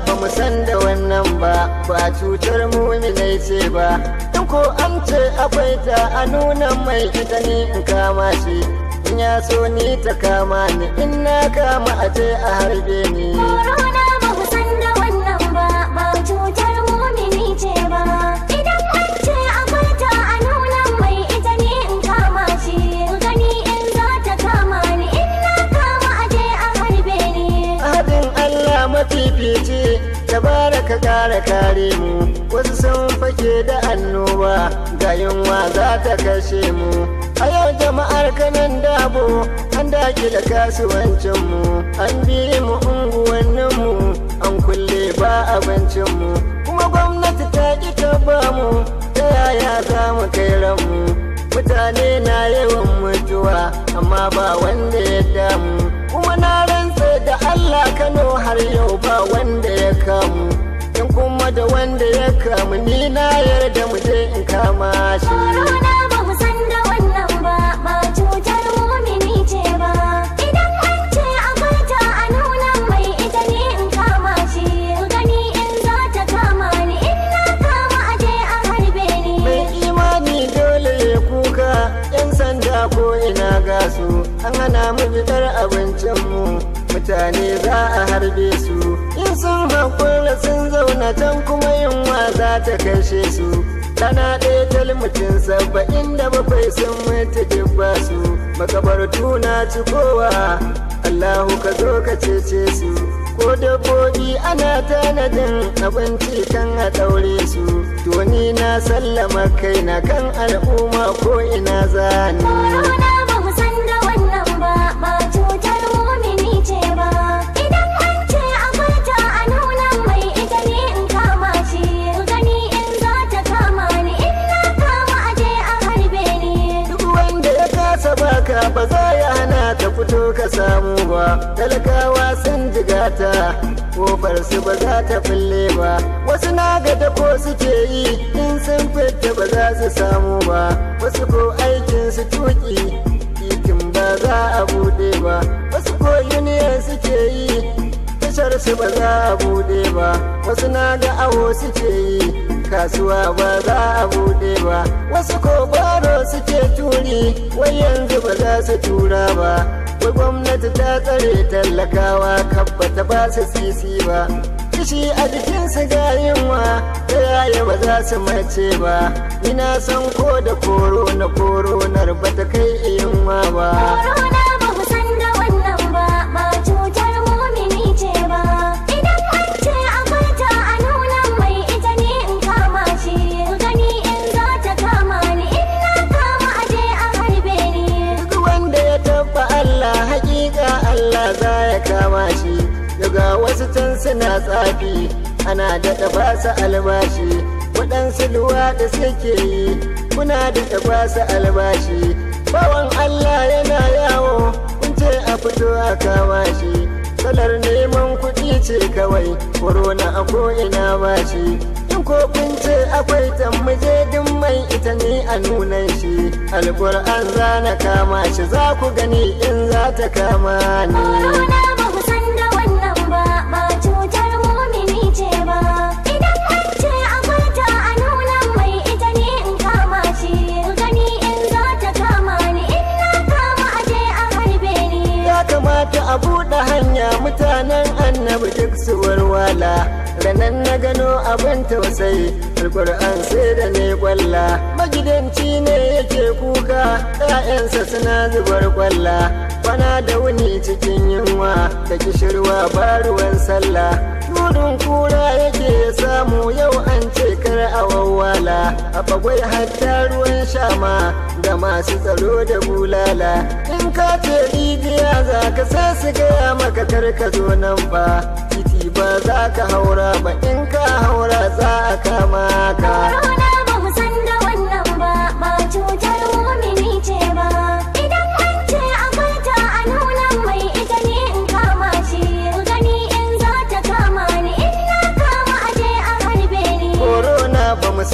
ba mu san da wannan ba ba cutar muminai ce ba in ko an ce akwai ta a nuna mai ita ni in kama shi in ya so ni ta kama ni in na kama a je a harbe ni tabaraka bara ka kara kare mu wasu sun fake da annoba ga yunwa za ta kashe mu a yau jama'ar kanan dabo an da kasuwancin mu an bi mu unguwannin mu an kulle ba abincin mu kuma gwamnati ta ki ta mu ta yaya za mu kai ranmu mutane na yawan mutuwa amma ba wanda ya damu kuma na Allah Kano har yau ba wanda ya kamu in kuma da wanda ya kamu ni na yarda mu in kama shi Corona ba mu san da wannan ba ba cutar mumini ce ba idan an ce akwai ta a nuna mai ita ne in kama shi ku gani in za ta kama ni in na kama a a harbe ni mai imani dole ya kuka yan sanda ko ina gasu an hana mu fitar abincin mu mutane za a harbe su in sun haƙura sun zauna can kuma yunwa za ta kashe su tana ɗaya talmucin saba'in da bafai sun mutu jibba su makabartu na cikowa allahu ka zo ka cece su ko dabbobi ana tanadin abinci kan a ɗaure su to na sallama kaina kan al'umma ko ina zani. haka ba ya hana ta fito ka samu ba talakawa sun jigata kofar su ba za ta fille ba wasu na ga dako suke yi in sun fita ba za su samu ba wasu ko aikin su tuki titin ba za a bude ba wasu ko union suke yi tashar su ba za a bude ba wasu na ga awo suke yi kasuwa ba za a buɗe ba wasu ko suke turi wai yanzu ba za su tura ba wai gwamnati ta tsare tallakawa kabba ta ba su sisi ba kishi a jikinsu ga yunwa ta yaya ba za su mace ba ina son ko da koro na koronar bata tun suna tsafi ana da tafasa su almashi waɗansu da suke yi kuna da tafasa albashi almashi bawan Allah yana yawo kun ce a fito a kama shi salar neman kuɗi ce kawai korona a ko'ina ma shi in ko kun ce akwai tammuje din mai ita ne a nunan shi alƙur'an za na kama shi za ku gani in za ta kama ni. sanya mutanen annabi duk su warwala ranan na gano abin tausayi alkur'an sai da ne kwalla magidanci ne yake kuka 'ya'yansa suna zubar kwalla kwana da wuni cikin yunwa da kishirwa ba ruwan sallah nunin kura yake samu yau an ce kar a wawwala a bagwai hatta ruwa dama da masu tsaro da bulala in ka ce rijiya za ka sai su gaya maka kar ka zo nan ba titi ba za ka haura ba in ka haura za a kama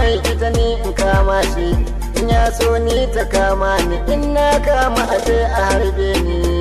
mai ita ni in kama shi in ya so ni ta kama ni in na kama a sai a harbe ni